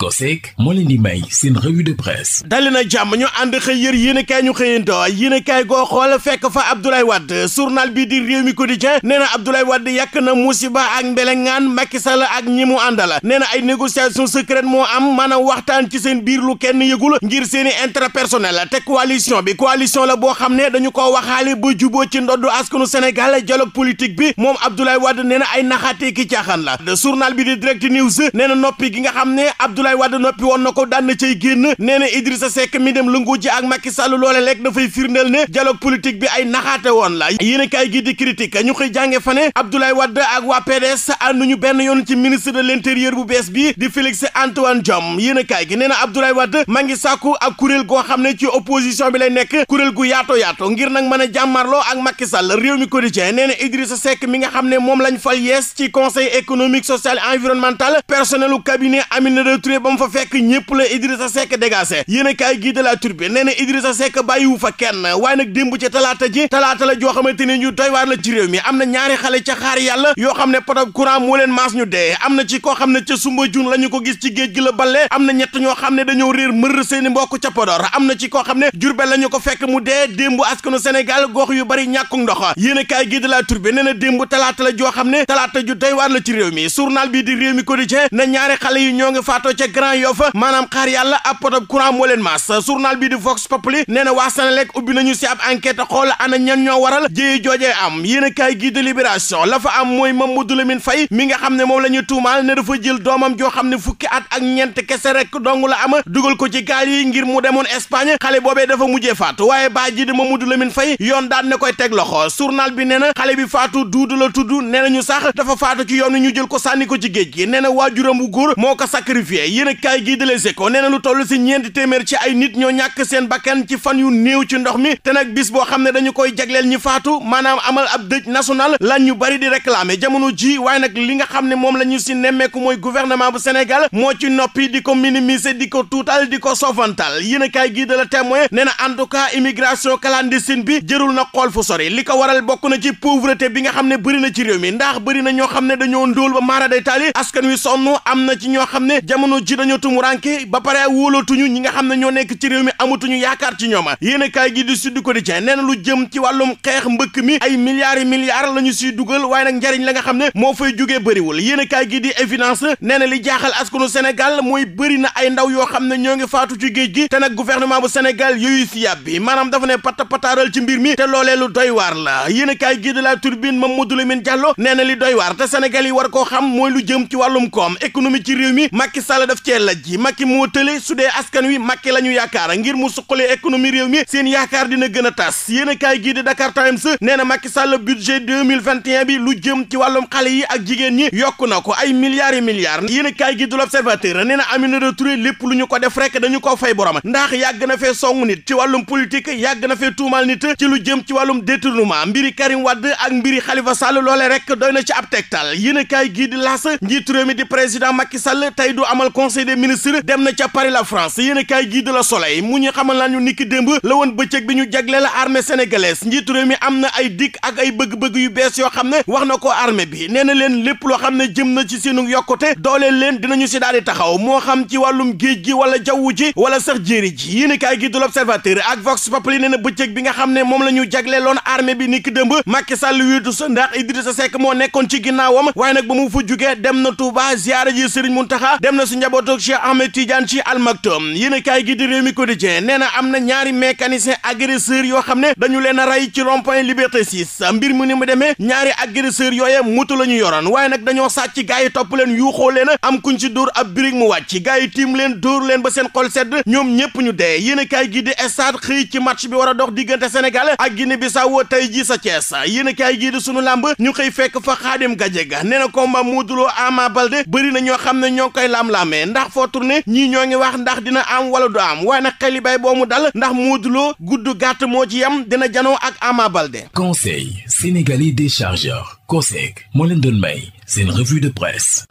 Goseek moo leen di may seen revue de presse dali na jàmm ñu ànd xëy yër yéen a kaay ñu xëyanto yéen a kaay goo xool fekk fa Abdoulaye Wade journal bi di réew mi quotidien nee na Abdoulaye Wade yàq na musiba ak mbelengaan Macky Sall ak ñi mu àndal nee na ay négociation secrète moo am maanaam waxtaan ci seen biir lu kenn yëgul ngir seen i intérêt personnel te coalition bi coalition la boo xam ne dañu ko waxaale ba juboo ci ndoddu askanu Sénégal dialogue politique bi moom ay naxaatee ki bi di direct news nee na noppi gi Abdoulaye Wade noppi woon na ko daan na cay génn nee na Idrissa Seck mi dem lëngu ji ak Macky Sall ñu benn yoon ci ministre de l'intérieur bu bees bi di Félix Antoine Diome yéen a kaay gi nee na Abdoulaye Wade ma ngi sàkku goo xam ne ci opposition bi lay nekk kuréel gu yaato yaato ngir nag mën a jàmmarloo ak Macky Sall réew mi quotidien nee na Idrissa Seck mi nga xam ne moom lañ fal yees ci conseil économique social et environnemental personnel u cabinet Aminata ba mu fa fekk ñëpp la Idrissa Seck dégagé yéen a kaay gii de la Tribune nee na bàyyiwu fa kenn waaye nag démb ci talaata ji talaata la joo xamante xam ne potob courant moo leen maas ñu dee am na ko gis ci géej gi la na ñett ñoo xam ne dañoo réer mër seeni mbokk ca Podor am xam ne Jurbel la ñu ko fekk mu dee démb askanu a kaay gii la Tribune nee na démb talaata xam ne talaata ju doy waar la ci réew mi journal bi di réew mi quotidien na ñaari xale yu ñoo ngi faatoo ca Grand Yoff maanaam xaar yàlla ab potob courant moo leen maas journal bi di Vox Populi nee na waa Senelec ubbi nañu si ab enquête xool ana ñan ñoo waral jéye joojee am yéen a kaay gii de Libération la fa am mooy Mamadou Lamine Faye mi nga xam ne moom la ñu tuumaal ne dafa jël doomam joo xam ne fukki at ak ñeent kese rek dong la ama dugal ko ci gaal yi ngir mu demoon Espagne xale boobee dafa mujjee faatu waaye baa ji di Mamadou Lamine yoon daan na koy teg loxo journal bi nee na xale bi faatu duudu la tudd nee na ñu sax dafa faatu ci yoon wi ñu jël ko sànni ko ci géej gi nee na waajuram bu góor moo ko sacrifié yéen a kaay gii di Les Échos nee na lu toll si ñeenti téeméer ci ay nit ñoo ñàkk seen bakkan ci fan yu néew ci ndox mi te nag bis boo xam ne dañu koy jagleel ñi faatu maanaam amal ab dëj national lan ñu bari di réclamer jamono ji waaye nag li nga xam ne moom la ñu si nemmeeku mooy gouvernement bu Sénégal moo ci noppi di ko minimiser di ko tuutal di ko soofantal yéen a kaay gii de la témoin nee na en tout cas immigration clandestine bi jërul na xool fu sore li ko waral bokk na ci pauvreté bi nga xam ne bëri na ci réew mi ndax bëri na ñoo xam ne dañoo ndóol ba maara day taali askan wi sonn am na ci ñoo xam ne jamono ci dañoo tumuranke ba a wóolootuñu ñi nga xam ne ñoo nekk ci réew mi amatuñu yaakaar ci ñooma yéen a gi di Sud Quotidien nee na lu jëm ci wàllum xeex mbëkk mi ay milliards yi milliards la ñu siy dugal waaye nag njariñ la nga xam ne moo fay jógee bëriwul yéen a gi di évidence nee na li jaaxal askanu Sénégal mooy bëri na ay ndaw yoo xam ne ñoo ngi faatu ci géej gi te nag gouvernement bu Sénégal yooyu si yàb bi maanaam dafa ne pata pataaral ci mbir mi te loolee lu doy waar la yéen a kaay gi di la turbine Mamadou Lamine Diallo nee na li doy te Sénégal yi war koo xam mooy lu jëm ci wàllum koom économie ci réew mi Macky Sall daf cee laj ji Macky moo tële su dee askan wi Macky la ñu yaakaar ngir mu suqalee économie réew mi seen yaakaar dina gën a tas yéen a kaay gii di Dakar Times nee na Macky Sall budget 2021 bi lu jëm ci wàllum xale yi ak jigéen ñi yokk na ko ay milliards et milliards yéen a kaay gii di L'Observateur nee na lépp lu ñu ko def rek dañu ko fay borom ndax yàgg na fee song nit ci wàllum politique yàgg na fee tuumal nit ci lu jëm ci wàllum détournement mbiri Karim Wade ak mbiri Khalifa Sall loolee rek doy na ci ab tegtal yéen kaay gii di L'As njiitu mi di président Macky Sall tey du amal conseil des ministres dem na ca Paris la France yéen a la soleil mu ñu xamal laan ñu niki démb la woon bëccëg bi ñu jagleel la armée sénégalaise njiitu mi am na ay dikk ak ay bëgg-bëgg yu bees yoo xam ne wax na ko armée bi nee na leen lépp loo xam ne jëm na ci seenu yokkute dooleel leen dinañu si daal di taxaw moo xam ci wàllum géej gi wala jaww ji wala sax jéeri ji yéen a kaay gii de l'observateur ak Vox Populi nee na bi nga xam ne moom la ñu jagleeloon armée bi niki démb Macky Sall wéetu sa ndax Idrissa ci ginnaawam waaye nag ba njabootoog Cheikh Ahmed Tidiane ci ne yéen a kaay gi di Rewmi Quotidien nee na am na ñaari mécanicien agresseur yoo xam ne dañu leen a rey ci rond-point Liberté 6 mbir mu ni mu demee ñaari agresseur yooye moto la ñu yoroon waaye nag dañoo sàcc gars yi topp leen yuuxoo leen am kuñ ci dóor ab birig mu wàcc gars yi tiim leen dóor leen ba seen xol sedd ñoom ñëpp ñu dee yéen a kaay gi di Stades ci match bi war a dox diggante Sénégal ak Guinée Bissau sa a kaay gi di sunu làmb ñu xëy fekk fa Khadim Gadiaga na ñoo xam ne ñoo koy lam tourné ndax foo tourné ñii ñoo ngi wax ndax dina am wala du am waaye na xel yi bay boo mu dal ndax Modou Lo gudd gàtt moo ci yem dina janoo ak Ama Baldé. Conseil sénégalais des chargeurs COSEC moo leen doon may seen revue de presse.